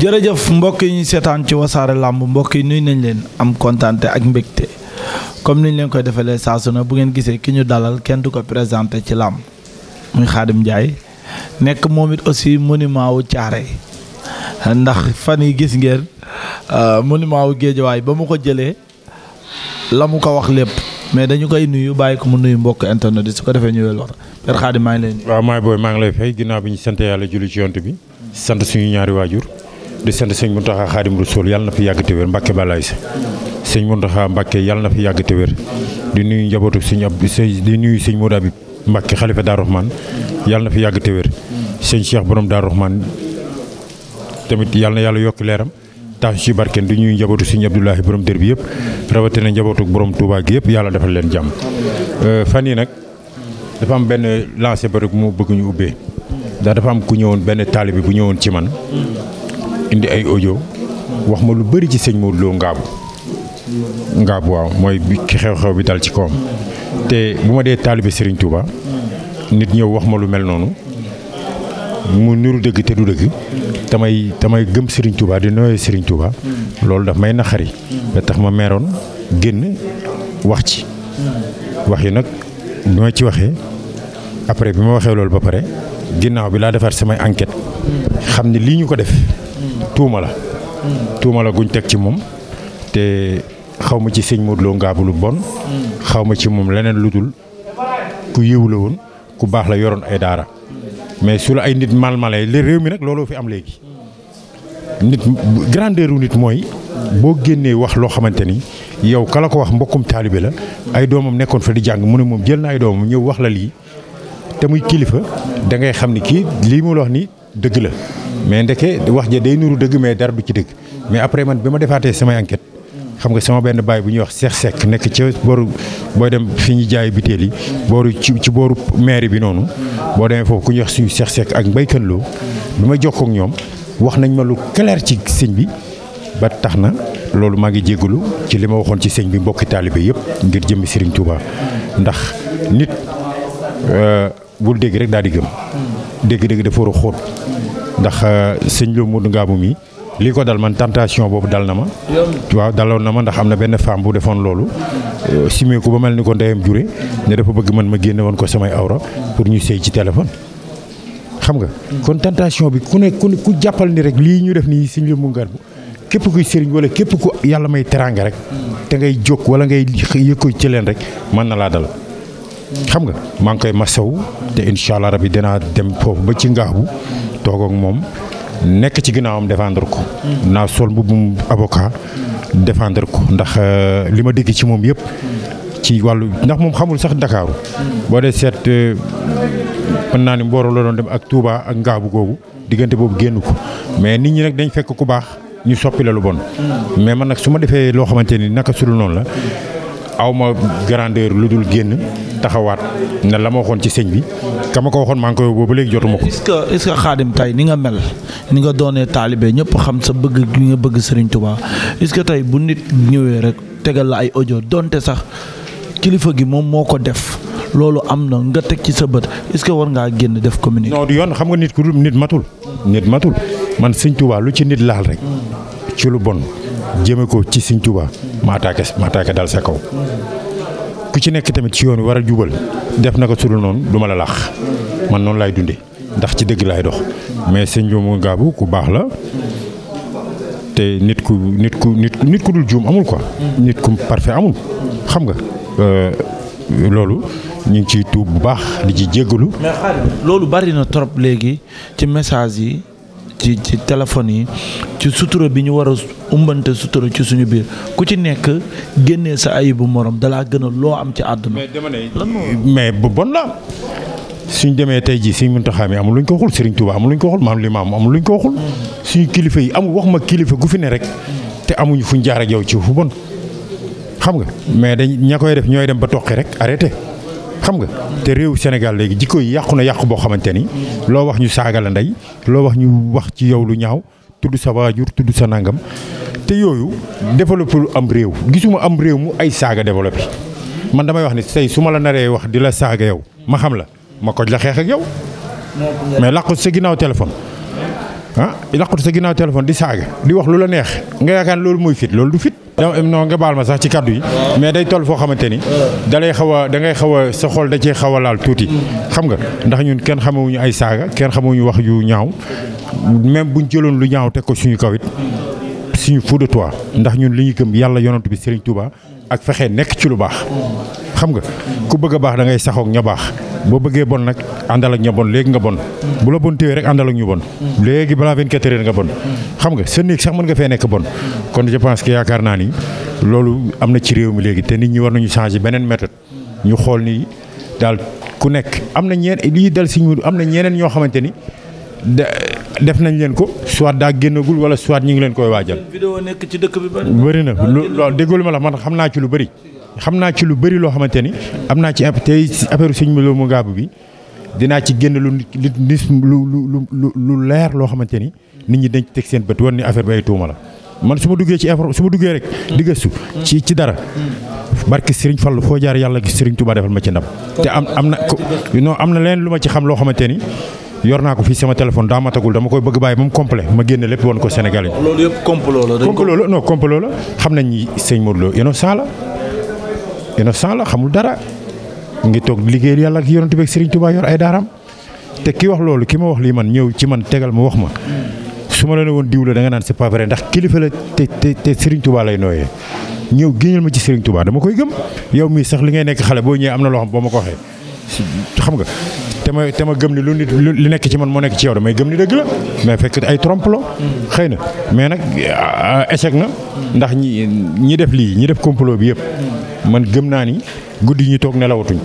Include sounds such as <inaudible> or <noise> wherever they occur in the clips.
jërëjëf mbokk yi ñuy seetaan ci wasaare làmb mbokk yi nuyu nañ leen am kontaante ak mbégte comme niñ leen koy defalee saa su ne bu ngeen gisee ki ñu dalal kenn du ko présenté ci làmb muy Khadim njaay nekk moom it aussi monument wu caare ndax fan yi gis ngeen euh, monument wu géejawaay ba mu ko jëlee la mu ko wax lépp mais dañu koy nuyu bàyyi ko mu nuyu mbokk internet yi su ko defee ñu wel war Père Khadim maa ngi maay booy maa ngi lay fay ginnaaw bi ñu sant yàlla julli ci bi sant suñu ñaari waajur di sant sëñ Mountakha Xaadim Rasuul yàlla na fi yàgg te wér Mbacke Balaye si sëñ Mountakha Mbacke yàlla na fi yàgg te di nuyu njabootu sëñ ab di nuyu sëñ Modou Habib Mbacke xalifa Daaru Rahman yàlla na fi yàgg te sëñ Cheikh borom Daaru Rahman tamit yàlla yàlla yokk leeram tax ci barkeen di ñuy njabootu sëñ Abdoulahi borom dër bi yëpp rawatina njabootu borom Touba yëpp yàlla defal leen jàmm euh, fan yi nag dafa am benn lancé ba rek mu bëgg ñu ubbee ndax dafa am ku ñëwoon benn taalib bu ñëwoon ci man indi ay ojo wax ma lu bari ci sëñ Modou Lo Ngaabu Ngaabu waaw mooy bi xew-xew bi dal ci kawam te bu ma dee taalibe Serigne Touba nit ñëw wax ma lu mel noonu mu niru dëgg te du dëgg tamay tamay gëm sëriñ Touba di nooyee Serigne Touba loolu daf may naqari da tax ma meroon génn wax ci wax yi nag bi ma ci waxee après bi ma waxee loolu ba pare ginnaaw bi laa defar samay enquête xam ni lii ñu ko def. tuuma la. tuuma la guñ teg ci moom te xawma ci sëñ Modou Lo lu bon. xaw ma ci moom leneen lu dul ku yiw la woon ku baax la yoroon ay daara mais su la ay nit malmalay li réew mi nag looloo fi am léegi. nit grandeur nit mooy boo génnee wax loo xamante ni yow la ko wax mbokkum taalibe la ay doomam nekkoon fa di jàng mu ne moom jël na ay doomam ñëw wax la lii te muy kilifa dangay xam ni kii lii mu wax ni dëgg la. mais ndeke wax ja day nuru dëgg mais dara du ci dëgg mais après man bi ma defaatee samay enquête xam nga sama benn baay bu ñuy wax seex Seck nekk ci booru booy dem fi ñu jaay biteel yi booru ci ci booru mairie bi noonu boo demee foofu ku ñuy wax suñu seex Seck ak Mbaye Kane Lo bi ma jokkoo ak ñoom wax nañ ma lu clair ci sëñ bi ba tax na loolu maa ngi jégalu ci li ma waxoon ci sëñ bi mbokki taalibe yëpp ngir jëmmi Serigne Touba ndax nit euh, bul dégg rek daal di gëm dégg-dégg dafa war a ndax euh, sëñ Lo mu Ngabou mi lii ko dal man tentation boobu dal na ma. waaw daloon na ma ndax am na benn femme bu defoon loolu. Euh, simee ko ba mel ni ko ndeyam jure. ne dafa bëgg man ma génne ko samay awra. pour ñu sëy ci téléphone. xam nga kon tentation bi ku ne ku jàppal ni rek lii ñu def nii sëñ Lo Modou Ngabou képp kuy sëriñ wala képp ku yàlla may teraanga rek. te ngay jóg wala ngay yëkkoo ci leen rek mën na laa dal. xam nga maa koy koy masaw te incha allah rabi danaa dem foofu ba ci ngaabu toog ak moom nekk ci ginnaawam défendre ko. naa sol mbubbum aboka défendre ko ndax euh, li ma dégg ci moom yëpp. ci wàllu ndax moom xamul sax Ndakaaru. boo dee seet euh, mën naa ni Mboro la doon dem ak tuubaa ak Ngaabu googu diggante boobu génn ko mais nit ñi nag dañ fekk ku baax ñu soppi la lu bon. mais man nag su ma defee loo xamante ni naka sulu noonu la awma ma lu dul génn. taxawaat ne la ma waxoon ci sëñ bi ka ma ko waxoon maa ngi koy woo ba léegi jotuma ko. est-ce que ni nga mel ni nga doonee taalibe ñëpp xam sa bëgg li nga bëgg Serigne Touba est-ce que tey bu nit ñëwee rek tegal la ay audio donte sax kilifa gi moom moo ko def. loolu am na nga teg ci sa bët est que war ngaa génn def communiqué. non du yoon xam nga nit ku dul nit matul. nit matul man sëñ Touba lu ci nit laal rek. ci lu bon jëme ko ci sëñ Touba ma attaqué ma attaqué dal sa kaw. ku ci nekk tamit ci yoon war a jubal def na ko su dul noonu du ma la laax man noonu laay dunde ndax ci dëgg laay dox mais sëñ Ndiomo gàbbu ku baax la te nit ku nit ku nit ku dul juum amul ko nit ku parfait amul xam nga. Euh, loolu ñu ngi ciy tuub bu baax di ci jéggalu. mais loolu bari na léegi ci message yi. ci ci téléphone yi ci sutura bi ñu war a umbante sutura ci suñu biir ku ci nekk génnee sa ayibu morom dalaa gën a loo am ci àdduna. mais bu bon la suñ demee tey jii Sëriñ Muntaxa mi amul luñ ko waxul Sëriñ Tuubaa amul luñ ko waxul maam limaam amul luñ ko waxul. suñu kilifa yi amul wax ma kilifa gu fi ne rek. te amuñu fuñ jaar ak yow ci fu bon. xam nga mais dañ ña koy def ñooy dem ba toqi rek arrêté. xam nga te réew Sénégal léegi jikko yi yàqu na yàqu boo xamante ni loo wax ñu saaga la ndey loo wax ñu wax ci yow lu ñaaw tudd sa waajur tudd sa nangam te yooyu développé lu am réew gisuma am réew mu ay saaga développé man damay wax ni tey su ma la naree wax di la saaga yow ma xam la ma koj la xeex ak yow mais làqut sa ginnaaw téléphone ah làqut sa ginnaaw téléphone di saaga di wax lu la neex nga yaakaar loolu mooy fit loolu du fit non nga baal ma sax ci kàddu yi. mais day toll foo xamante ni. da lay xaw a da xaw a sa xol da cee xaw a laal tuuti. xam nga ndax ñun kenn xamewuñu ay saaga kenn xamewuñu wax yu ñaaw même buñ jëloon lu ñaaw teg ko suñu kaw it suñu fou de toi ndax ñun li ñu gëm yàlla yonent bi Serigne Touba. ak fexe nekk ci lu baax. xam nga ku bëgg baax da ngay saxoog ña baax boo bëggee bon nag àndal ak ña bon léegi nga bon bu la bon téye rek àndal ak ñu bon léegi balaa 24 heures nga bon xam nga sa néeg sax mën nga fee nekk bon kon je pense que yaakaar naa ni loolu am na ci réew mi léegi te nit ñi war nañu changer beneen méthode ñu xool nii daal ku nekk am na ñeen lii dal si ñu am na ñeneen ñoo xamante ni da def nañ leen ko soit daa génnagul wala soit ñu ngi leen koy waajal. vidéo nekk ci dëkk bi bëri na loolu déggul ma la man xam naa ci lu bëri. xam naa ci lu bëri loo xamante ni am naa ci tey affaire sëñ Modou Mountakha bi dinaa ci génn lu nit lu lu lu lu leer loo xamante nit ñi dañ ci teg seen bët woon ni affaire bi ay la. man su ma duggee ci effort su ma duggee rek di gëstu ci ci dara barke Serigne Fallou foo jaar yàlla gis Serigne Touba defal ma ci ndam. te am am na non am na leen lu ma ci xam loo xamante ni. yor naa ko fii sama téléphone daa matagul dama koy bëgg bàyyi ba mu complet ma génne lépp woon ko Sénégal yi. loolu yëpp complot noo complot xam nañ ni sëñ Modou Lo innocent la xamul dara ngi toog liggéey yàlla ak yonent bi ak Serigne Touba yor ay daaram te ki wax loolu ki ma wax lii man ñëw ci man tegal ma wax ma. su ma la ne woon diw la da nga naan c'est pas ndax kilifa la te te te lay nooyee ñëw génneel ma ci Serigne Touba dama koy gëm yow mii sax li ngay nekk xale boo ñëwee am na loo xam boo xam nga. te ma te ma gëm ni lu nit lu nekk ci man moo nekk ci yow may gëm ni dëgg la mais fekk ay trompe xëy na mais nag euh, échec na ndax ñi ñi def lii ñi def complot bi yëpp man gëm naa ni guddi ñi toog nelawatuñ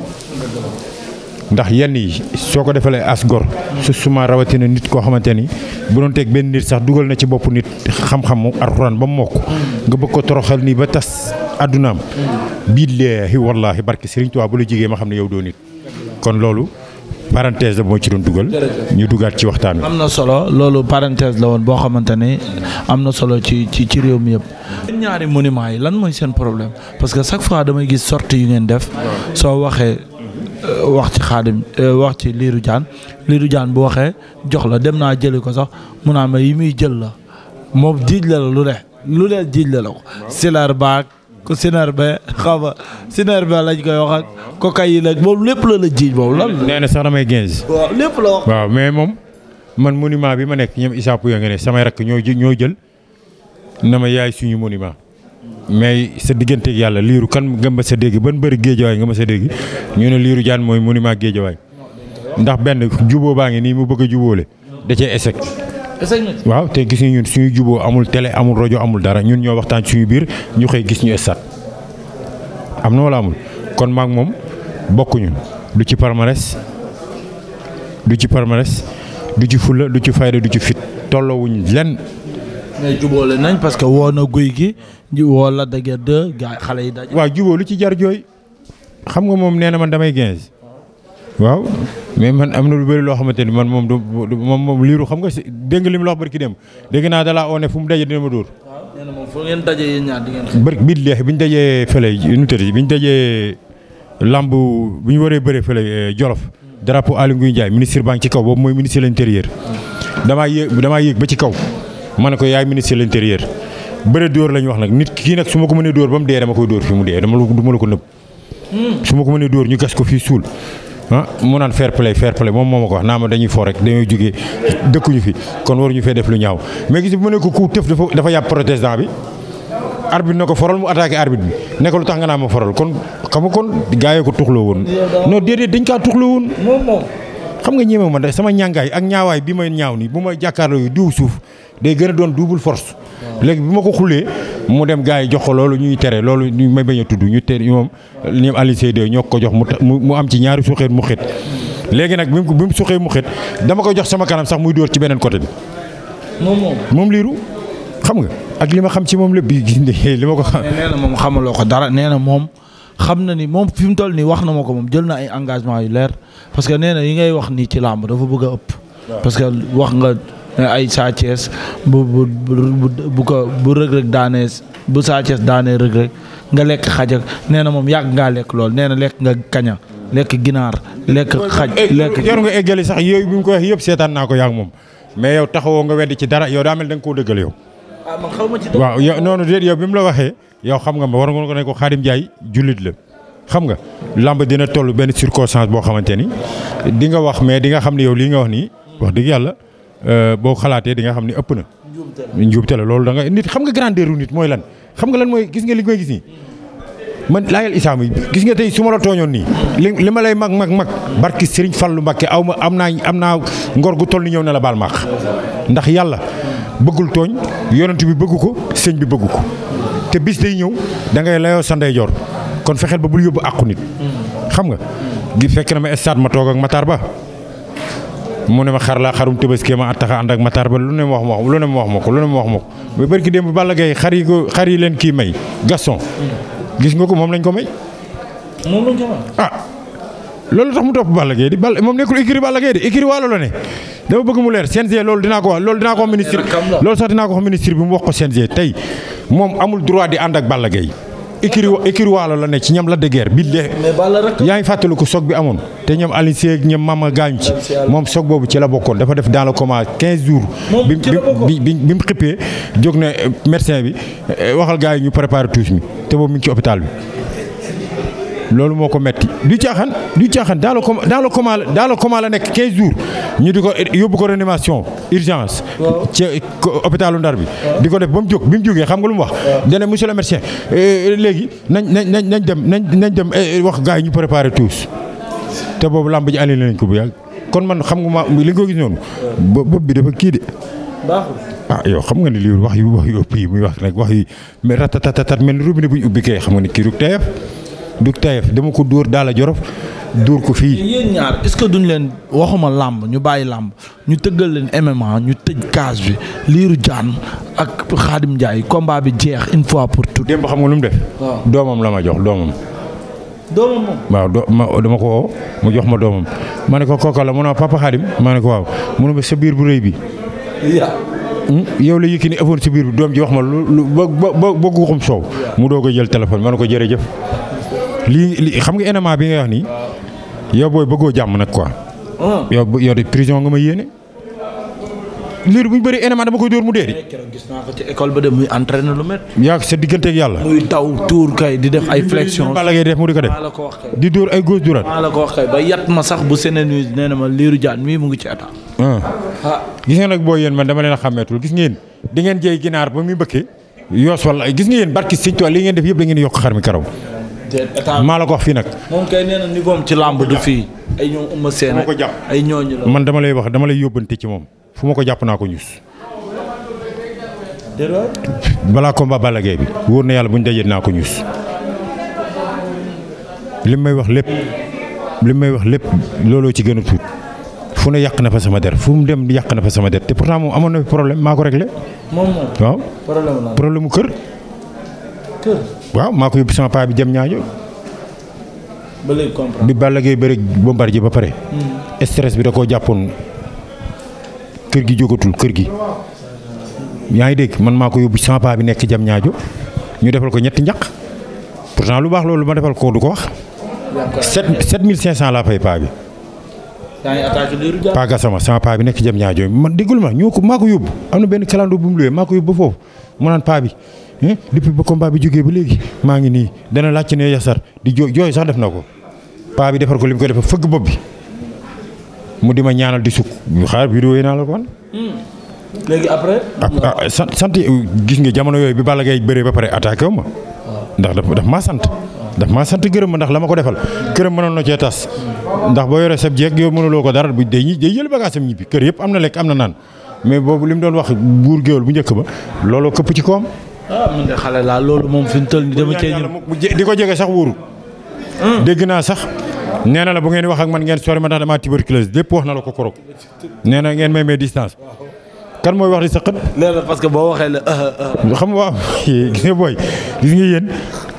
ndax yenn yi soo ko defalee as gor su suma rawatina nit koo xamante ni bu doon teg benn nit sax dugal na ci bopp nit xam-xamu alxuraan ba mokk nga bëgg ko toroxal nii ba tas addunaam billahi wallahi barke Sëriñ Tuubaa bu la jigee ma xam ne yow doo nit kon loolu parenthèse la moo ci doon dugal. ñu dugaat ci waxtaan wi. am na solo loolu parenthèse la woon boo xamante ne am na solo ci ci ci réew mi yëpp. yéen ñaari monument yi lan mooy seen problème parce que chaque fois damay gis sortie yu ngeen def soo waxee euh, wax ci xaadim euh, wax ci liiru jaan liiru jaan bu waxee jox la dem naa jëli ko sax mu naa ma yi muy jël la moom jiij la la lu ne lu ne jiij la la ko. silar baak ku ba xaw ma Sinerbe lañ koy wax ak cocaïne ak moom lépp la la jiiñ moom la nee na sax damay gñz. waaw mais moom man monument bi ma nekk ñoom Issa Pouye nga ne samay rakk ñoo ñoo jël na ma yaay suñu monument. mais sa digganteeg yàlla liiru kan nga ma sa dégg ban bëri géejawaay nga ma sa dégg ñu ne liiru jaan mooy monument géejawaay ndax benn juboo baa ngi nii mu bëgg a jubóole da cee échec. waaw te gis nga ñun suñu juboo amul télé amul rajo amul dara ñun ñoo waxtaan ci suñu biir ñu xëy gis ñu stade am na wala amul kon maak moom bokkuñu du ci palmarès du ci palmarès du ci fulla du ci fayda du ci fit tolloowuñ lenn. mais jubóole nañ parce que woo na guy gi ñu woo la dëgg de xale yi daj. waa juboo lu ci jar jooy xam nga moom nee na man damay 15 waaw. mais man am na lu bëri loo xamante ni man moom du moom moom liiru xam nga si dégg nga li mu la wax barki dem dégg naa dalaa one fu mu daje dina ma dóor. waaw nee ñu dajee fële nu tëdd bi ñu dajee lamb bu ñu waree bëree fële eh, Jolof. drapeau Aly Ngouille Ndiaye ministre baa ci kaw boobu mooy ministre de l'intérieur. damaa yéeg ba ci kaw ma ne ko yaay ministre de l'intérieur bëre wax nag nit kii nag su ma ko mënee dóor ba mu dee dama koy dóor fi mu dee dama lu ma la ko nëb. Hmm. su ma ko mënee dóor ñu gas ko fii suul ah mu naan fair play fair play moom moo ma ko wax naa ma dañuy fo rek dañoo jógee dëkkuñu fi kon waruñu fee def lu ñaaw mais gis bu ne ko ku tëf dafa dafa yàpp protestant bi arbitre na ko foral mu attaqué arbitre bi ne lu tax nga naa ma foral kon xam nga kon gaayoo ko tuxloo woon non déedéet dañ kaa tuxloo woon xam nga ñemewu ma sama ñàngaay ak ñaawaay bi may ñaaw nii bu may jàkkaarloo yu diw suuf day gën a doon double force léegi bi ma ko xulee mu dem gars yi jox ko loolu ñuy tere loolu ñu may bañ a tudd ñu tere moom ñoom Aliou Seydou ñoo ko jox mu mu am ci ñaari suuxeet mu xit léegi nag bi mu suuxee mu xit dama ko jox sama kanam sax muy dóor ci beneen côté bi. moom moom liiru xam nga ak li ma xam ci moom lépp bi gis <laughs> li ma ko xam. nee na moom xamaloo ko dara nee na moom xam na ni moom fi mu toll nii wax na ma ko moom jël na ay engagement yu leer parce que nee na yi ngay wax nii ci làmb dafa bëgg a ëpp. parce que wax nga. ay Sa Thiès bu bu bu ko bu rëg-rëg bu Sa daanee rëg-rëg nga lekk xaj ak nee na moom yàgg ngaa lekk lool nee na lekk nga kaña lekk ginaar lekk xaj lekk yor nga eggali sax yooyu bi mu ko wax yëpp seetaan naa ko yàgg moom mais yow taxawoo nga weddi ci dara yow daa mel da koo dëggal yow ah, waaw yow noonu déet yow bi mu la waxee yow xam nga ma war nga ko ne ko Khadim Ndiaye jullit la xam nga lamb dina toll benn circonstance boo xamante ni di nga wax mais di nga xam ne yow lii nga wax nii dëgg yàlla Euh, boo xalaatee di nga xam ne ëpp na. njuumte la loolu da nga nit xam nga grandeur nit mooy lan xam nga lan mooy gis nga li may gis nii. man laajal isaam yi gis nga tey su ma la tooñoon nii li ma lay mag mag mag barki Serigne lu Mbakke aw ma am naa am naa ngor gu toll ni ñëw na la baal maax ndax yàlla bëggul tooñ yonent bi bëggu ko sëñ bi bëggu ko te bis day ñëw da ngay layoo sa ndeyjoor kon fexeel ba bul yóbbu àqu nit xam nga fekk na ma stade ma toog ak Ba mu ne ma xar laa xarum tëbaskee ma tax a ànd ak Matar ba lu ne ma wax ma lu ne ma wax ma lu ne ma wax ma ko ba barki démb Balla Gaye xar yi ko xar yi leen kii may Gaston. gis nga ko moom lañ ko may. moom lañ ko may ah. loolu tax mu topp Balla Gaye di Balla moom nekkul écurie Balla Gaye di écurie Waalo la ne dama bëgg mu leer CNG loolu dinaa ko wax loolu dinaa ko wax ministre loolu sax dinaa ko wax ministre bi mu wax ko CNG tey moom amul droit di ànd ak Balla Gaye écurie écurie Waalo la ne ci ñoom la de guerre bii de yaa ngi fàttaliku soog bi amoon te ñoom Alioune Seye ak ñoom Mama gaañu ci moom soog boobu ci la bokkoon dafa def dans le coma 15 jours. bi bi bi bi mu xippee jóg na médecin bi eh, waxal gars yi ñu préparé tuus mi te boobu mi ci hôpital bi. loolu moo ko metti du caaxaan du caaxaan dans le dans le coma dans la nekk 15 jours ñu di ko yóbbu ko réanimation urgence. ci hôpitalu Ndar bi. di ko def ba mu jóg bi mu jógee xam nga lu mu wax. dana monsieur le médecin euh, léegi nañ nañ nañ dem nañ nañ dem euh, wax gars yi ñu préparer tous te boobu làmb ji annulé nañ ko bu yàgg kon man xam nga ma li nga ko gis bi dafa kii de. baaxul ah xam nga ni lii wax yu wax yu ëpp yi muy wax nag wax yi mais ratatatatat mel ni robinet bu ñu ubbi kay xam nga ni kii rek du tayef dama ko dóor daala jorof dóor ko fii. yéen ñaar est-ce que duñ leen waxuma làmb ñu bàyyi làmb ñu tëggal leen MMA ñu tëj case bi liiru jaan ak Xaadim Njaay combat bi jeex une fois pour tout. démb xam nga lu mu def. doomam la ma jox doomam. doomam moom. waaw ma dama ko woo mu jox ma doomam ma ne ko kooka la mu ne papa Xaadim ma ne ko waaw mu ma sa biir bu rëy bi. Hmm? yow la yëkki ni ëppoon sa biir bi doom ji wax ma lu lu ba ba ba soow mu doo ko jël téléphone ma ne ko jërëjëf. lii xam nga élément bi nga wax nii. yow booy bëggoo jàmm nag quoi. Ah. yow yow de prison nga ma yéene. liir bu ñu bëri élément dama koy dóor mu dee di. Eh, gis naa ko ci école ba de muy entraîné lu met. yaa sa digganteeg yàlla. muy taw tuur kay di def ay flexion. bala ngay def mu di ko def di dóor ay góos ko wax kay ba yat ma sax bu seneen wi nee na ma liiru jaan mii mu ngi ci état. ah gis ngeen nag boo yéen man dama leen xàmmeetul gis ngeen di ngeen jëy ginaar ba muy bëkkee yoos wala gis ngeen barki sëñ Tuubaa li ngeen def yëpp da ngeen yokk xar mi karaw maa la ko wax fii nag. moom kay nee na ci làmb du fii. ay ñoom Eumeu Sène ay ñooñu man dama lay wax dama lay yóbbante ci moom fu ma ko jàpp naa ko ñus. balaa combat Balla Gaye bi wóor na yàlla bu ñu dajee naa ko ñus. li may wax lépp li may wax lépp looloo ci gën a tuut fu ne yàq na fa sama der fu mu dem yàq na fa sama der te pourtant moom amoon na problème maa ko réglé. moom waaw problème kër. waaw maa ko yóbbu sama paa bi jëm ñaajo ba léegi comprendre bi Balla Gaye bëri ji ba pare. Hmm. stress bi da koo jàppoon kër gi jógatul kër gi. yaa ngi dégg man maa ko yóbbu sama paa bi nekk jam ñaajo ñu defal ko ñetti njaq pourtant lu baax loolu ma defal ko du ko wax. sept sept mille cent laa fay paa bi. paa sama paa bi nekk jam ñaajo man déggul ma ñoo ko maa ko yóbbu am na benn calando bu mu luwee maa ko yóbbu ba naan paa Hmm? depuis ba combat bi jógee ba léegi maa ngi nii dana laaj ne yasar di jooy jooy sax def na ko paa bi defar ko li mu ko defee fëgg bopp bi mu di ma ñaanal di sukk ñu xaar vidéo yi naa la ko wan. Hmm. léegi après. Ah, ah, sant sant gis nga jamono yooyu bi Balla Gaye bëree ba pare attaqué wu ma. Ah. ndax daf daf maa sant. daf maa sant gërëm ma ndax la ma ko defal këram mënoon na cee tas ndax boo yore sab jeeg yow mënuloo ko dara bu day day yël bagaasam ñibbi kër yëpp am na lekk am na naan mais boobu li mu doon wax buur géwél bu njëkk ba looloo këpp ci koom. ah man laa loolu moom fi mu toll nii dama cee ñëw. di ko jege sax wóorul. Hmm. dégg naa sax. nee la bu ngeen wax ak man ngeen sori ma ndax damaa tuberculose lépp wax na la ko korog. nee na ngeen may may distance. kan mooy wax di sa xët. parce que boo waxee la. Ah, ah. xam nga waaw <laughs> gis nga booy gis nga yéen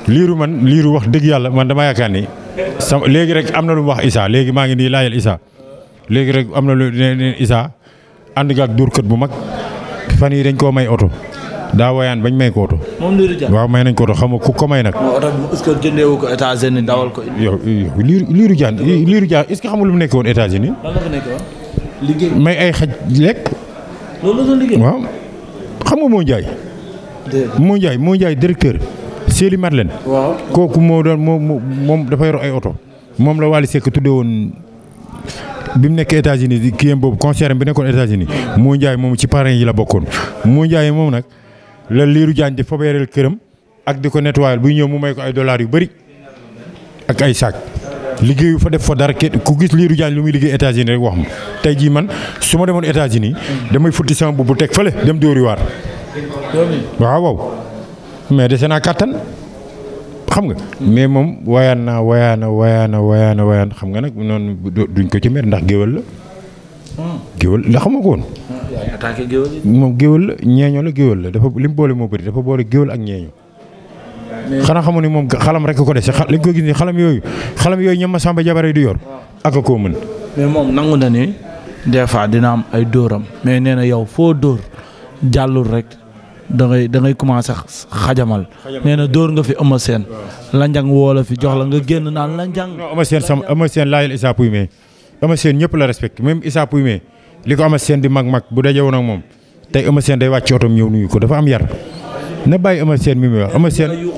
liiru man liiru wax dëgg yàlla man dama yaakaar ni. sama léegi rek am na lu mu wax isaa léegi maa ngi nii laajal Issa léegi rek am na lu ne Issa ànd nga ak dóorkat bu mag fan yii dañ koo may oto. daa wayaan bañ may kooto moom waaw may nañ kooto xam nga ko may nag. oto bi est-ce que jëndee wu ko États-Unis dawal ko. que xam mu nekk woon États-Unis. may ay xaj lekk. waaw. xam nga moo Ndiaye. moo Ndiaye moo Ndiaye directeur. Séli Madeleine. waaw kooku moo doon moom moom dafa yor ay oto. moom la Wally Seck tuddee woon bi mu nekk boobu concert bi nekkoon états hmm. moo Ndiaye moom ci parrain yi la bokkoon moo Ndiaye moom nag. la liiru Diane di fobeereel këram ak di ko nettoyal buy ñëw mu may ko ay dollars yu bëri ak ay sac liggéeyu fa def fa dara ku gis liiru Diane lu muy liggéey États-Unis rek wax ma tey jii man su ma demoon États-Unis damay futti sama bu teg fële dem dóori waar waaw waaw mais dese naa kàttan xam nga. mais moom wayaan naa wayaan na wayaan na wayaan na xam nga nag noonu duñ ko ci mer ndax géwél la. géwél ndax xamoo ko woon. moom géwél ñeeño la géwél la dafa li mu boole moo bëri dafa boole géwél ak ñeeño xanaa xamu ni moom xalam rek ko dese li nga ko gis ni xalam yooyu xalam yooyu ñoom Masamba Jabare du yor. ak koo mën. moom nangu na ni des fois dina am ay dóoram mais nee na yow foo dóor jàllul rek da ngay da ngay commencé xajamal. nee na dóor nga fi Eumeu Sène. lanjang woo la fi jox la nga génn naan lanjang. non Eumeu Sène sama Eumeu Sène laajal mais Eumeu Sène ñëpp la respecté même Issa Pouye li ko Eumeu Sène di mag mag bu daje woon ak moom tey Eumeu Sène day wàcc otom ñëw nuyu ko dafa am yar na bàyyi ama Sène mi muy wax Eumeu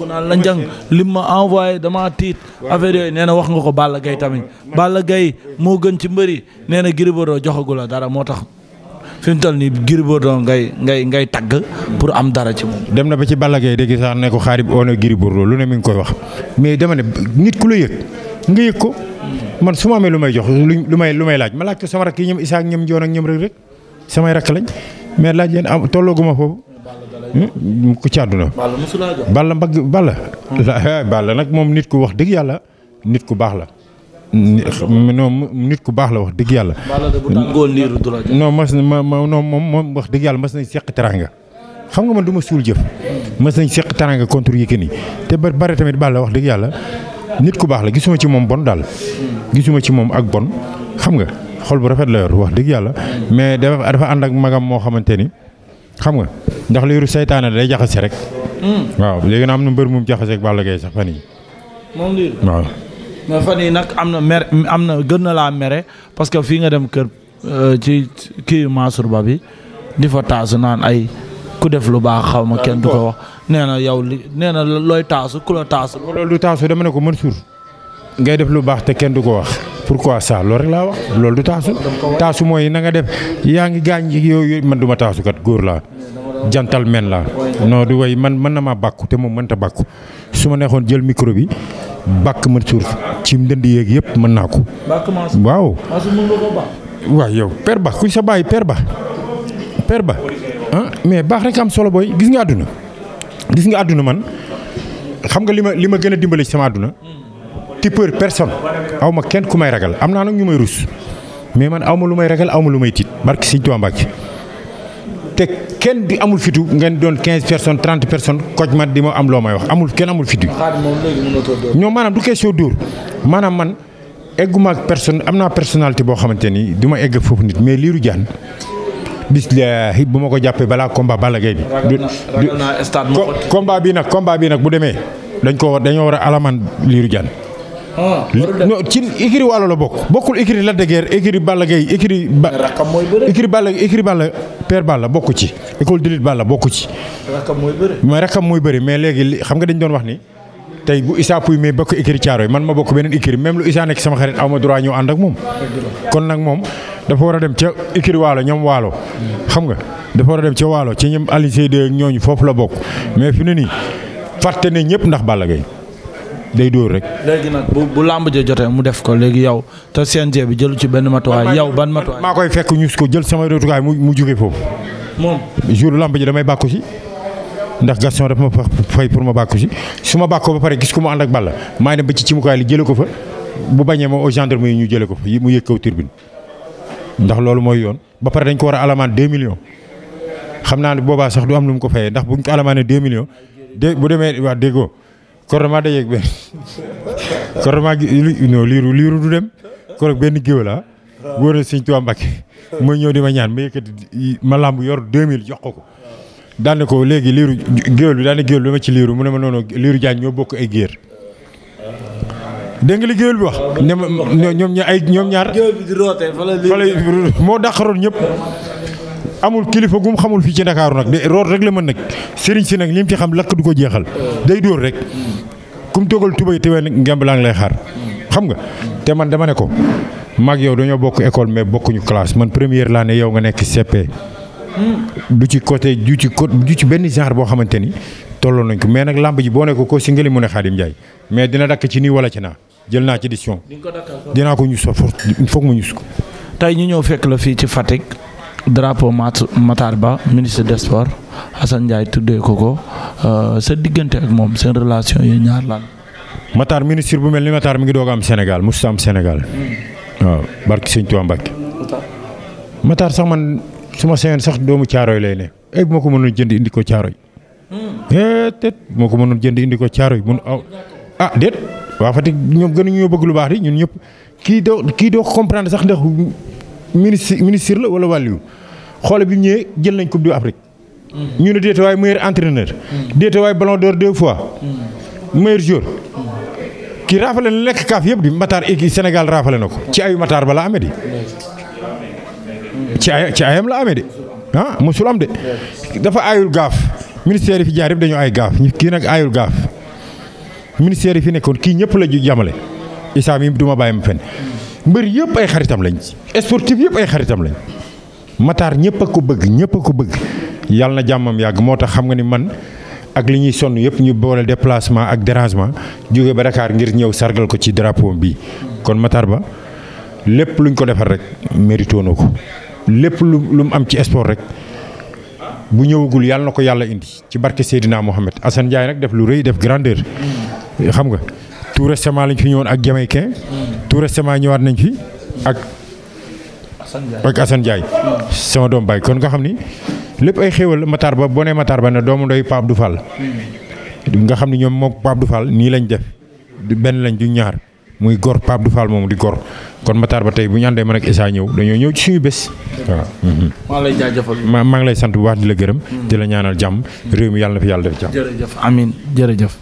la njàng li ma envoyé damaa tiit affaire yooyu nee na wax nga ko Balla gay tamit Balla Gaye moo gën ci mbëri nee na Gris Bordeaux joxagu la dara moo tax fi mu toll nii Gris doo ngay ngay ngay tagg pour am dara ci moom. dem na ba ci Balla Gaye dégg sax ne ko xaarib oo na Gris Bordeaux ne mi ngi koy wax mais dama nit ku nga yëg ko. man su ma amee lu may jox lu may lu may laaj ma laaj ko sama rakk yi ñoom Issa ak ñoom Ndiol ak ñoom rek rek samay rakk lañ mais laaj leen am tollooguma foofu. Hmm? ku ci àdduna. Balla mosulaa jox eh, Balla nag moom nit ku wax dëgg yàlla nit ku baax la. non nit ku baax la wax dëgg yàlla. non mas ma ma moom wax dëgg mas nañ seq teranga xam nga man du ma suul jëf. mas nañ seq teranga contre Yékini te ba tamit Balla wax dëgg yàlla. nit ku baax la gisuma ci moom bon daal gisuma ci moom ak bon xam nga xol bu rafet la yor wax dëgg yàlla mais dafa dafa ànd ak magam moo xamante ni xam nga ndax liiru seytaane day jaxase rek. Hmm. waaw léegi na am na mbër moom jaxase ak Balla Gaye sax fan yi waaw. mais fan yii nag am na mer am na gën na laa mere parce que fii nga dem kër euh, ci kii Mansour Ba bi di fa taasu naan ay. ku def lu baax xaw ma kenn du ko wax nee na yow li nee na looy taasu ku la taasu. loolu du taasu dama ne ko Mansour ngay def lu baax te kenn du ko wax. pourquoi ça loolu rek laa wax loolu du taasu. taasu mooy na nga def yaa ngi gaañ yooyu man du ma taasu kat góor laa. jantal men laa. non di way man mën na maa bàkku te moom mënta bàkku su ma neexoon jël micro bi bàkk Mansour ci mu ndënd yeeg yëpp mën naa ko. waaw. waaw yow per ba kuy sa bàyyi per ba per ba. ah mais baax rek am solo booy gis nga àdduna gis nga àdduna man xam nga li ma li ma gën a dimbali ci sama àdduna ti peur personne aw ma kenn ku may ragal am naa nag ñu may rus mais man aw lu may ragal aw ma lu may tiit barki Sëñ Tuubaa Mbàkke te kenn di amul fitu ngeen doon 15 personnes 30 personnes koj ma di ma am loo may wax amul kenn amul fitu ñoo maanaam du question dóor maanaam man egguma ak personne am naa personnalité boo xamante ni du ma egg foofu nit mais liiru jaan bislaahi bu ma ko jàppee balaa combat Balla Gaye bi. ragal naa stade nag combat bi nag bu demee dañ ko war dañoo war a alamaan Lirou Diane. Ah, non ci écurie la bokk. bokkul écurie Lac de Guiers écurie Balla Gaye écurie ba. rakkam mooy bëre écurie Balla écurie Balla ci école de lutte Balla bokku ci. rakkam mooy bëre. mais rakkam mooy bëre mais léegi xam nga dañ doon wax ni. tey bu Issa Pouye mais bokk écurie Thiaroye man ma bokk beneen écurie même lu Issa nekk sama xarit aw ma droit ñëw ànd ak moom. kon nag moom. dafa war a dem ca ikir waalo ñoom waalo xam nga dafa war a dem ca waalo ci ñam Aliou Seydou ak ñooñu foofu la bokk mais fi ne nii fàtte ne ñëpp ndax Balla Gaye day dóor rek. léegi nag bu bu làmb jotee mu def ko léegi yow te CNG bi jël ci benn matuwaay yow ban matuwaay. maa koy fekk ñu ko jël sama rotukaay mu mu jóge foofu. moom jour làmb ji damay bàkku si ndax Gaston dafa ma fay pour ma bàkku si su ma bàkkoo ba pare gis ku mu ànd ak Balla maa ngi dem ba ci cimukaay li jëlee ko fa bu bañee ma au gendarme yi ñu jëlee ko fa mu yëg kaw turbine ndax loolu mooy yoon ba pare dañ ko war a alamaan 2 millions xam naa ne boobaa sax du am lu mu ko fayee ndax buñ ko alamaanee 2 millions dé bu demee wax déggoo kornement dajeeg benn kornement <laughs> gi non liiru liiru du dem korog benn géwlaa ah. la wóor na Sëñ Tuubaa Mbàkke mooy ñëw di ma ñaan ma yëkkati ma làmb yor 2000 jox ko ko daan ko léegi liiru géwél bi daan na géwél bi ma ci liiru mu ne ma noonu liiru jaan ñoo bokk ay géer dégg nga li géwél bi wax. ne ma ñoom ña ay ñoom ñaar. géwél bi di roote moo dàqaroon ñëpp. amul kilifa gum xamul fii ci Ndakaaru nag de root rek la mën nag sëriñ si nag li mu ci xam lakk du ko jeexal. day dóor rek. kum toggal tubay te ween ngemb laa lay xaar. xam nga te man dama ne ko. maag yow dañoo bokk école mais bokkuñu classe man première laa ne yow nga nekk CP. du ci côté du ci côté ci benn genre boo xamante ni tolloo nañ ko mais nag làmb ji boo ne ko si ngeli mu ne Xaadim Njaay mais dina dakk ci nii wala ci jël naa ci décision. dinaa ko ñus il faut mu ñus ko. tey ñu ñëw fekk la fii ci Fatick drapeau Matar Ba ministre des sports Assane Ndiaye tuddee ko ko euh, sa diggante ak moom seen relation yi ñaar lan. Matar ministre bu mel ni Matar mi ngi doog am Sénégal mosut am Sénégal. Hmm. waaw barki sëñ Tuubaa Mbàkke. Matar sax man su ma seen sax doomu Caaroy lay ne ay eh, bu ma ko mënoon jënd indi ko Caaroy. déet hmm. eh, bu ma ko ko Caaroy mun aw ah déet. waa Fatick ñoom gënuñoo bëgg lu baax di ñun ñëpp kii doo kii doo comprendre sax ndax ministre ministre la wala wàllu xoole bi mu jël nañ coupe du Afrique. Mm. ñu ne déeta waay meilleur entraîneur. Mm. déeta waay ballon d'or deux fois. Mm. meilleur joueur. kii raafale na lekk kaaf yëpp di Matar équipe Sénégal raafale na ko. ci ayu Matar ba la amee di. ci ay ayam la amee de ah am de. dafa aayul gaaf ministère yi fi jaar yëpp dañoo ay gaaf kii nag aayul gaaf. ministère yi fi nekkoon kii ñëpp la ju jamale Issa mi du ma bàyyi ma fen mbër yëpp ay xaritam lañ sportif yëpp ay xaritam lañ Matar ñëpp a ko bëgg ñëpp ko bëgg yàlla na jàmmam yàgg moo tax xam nga ni man ak li ñuy sonn yëpp ñu boole déplacement ak dérangement jóge ba Dakar ngir ñëw sargal ko ci drapeau bi kon Matar Ba lépp luñ ko defar rek mérito na ko lépp lu lu mu am ci sport rek bu ñëwagul yàlla na ko yàlla indi ci barke Seydina Mohamed Assane Ndiaye nag def lu rëy def grandeur. xam nga tout récemment lañ fi ñëwoon ak Jamaïcain tout récemment ñëwaat nañ fi ak. ak Assane Ndiaye sama doom baay kon nga xam ni lépp ay xéewal Matar Ba boo nee Matar Ba ne doomu ndoy Pape du Fall nga xam ni ñoom moom Pape du Fall nii lañ def du benn lañ du ñaar muy gor paab du Fall moom di gor kon Matar Ba tey bu ñu àndee man ak Issa ñëw dañoo ñëw ci suñu bés waaw maa lay jaajëfal maa maa ngi lay sant bu baax di la gërëm di la ñaanal jàmm réew mi yàlla na fi yàlla def jàmm jërëjëf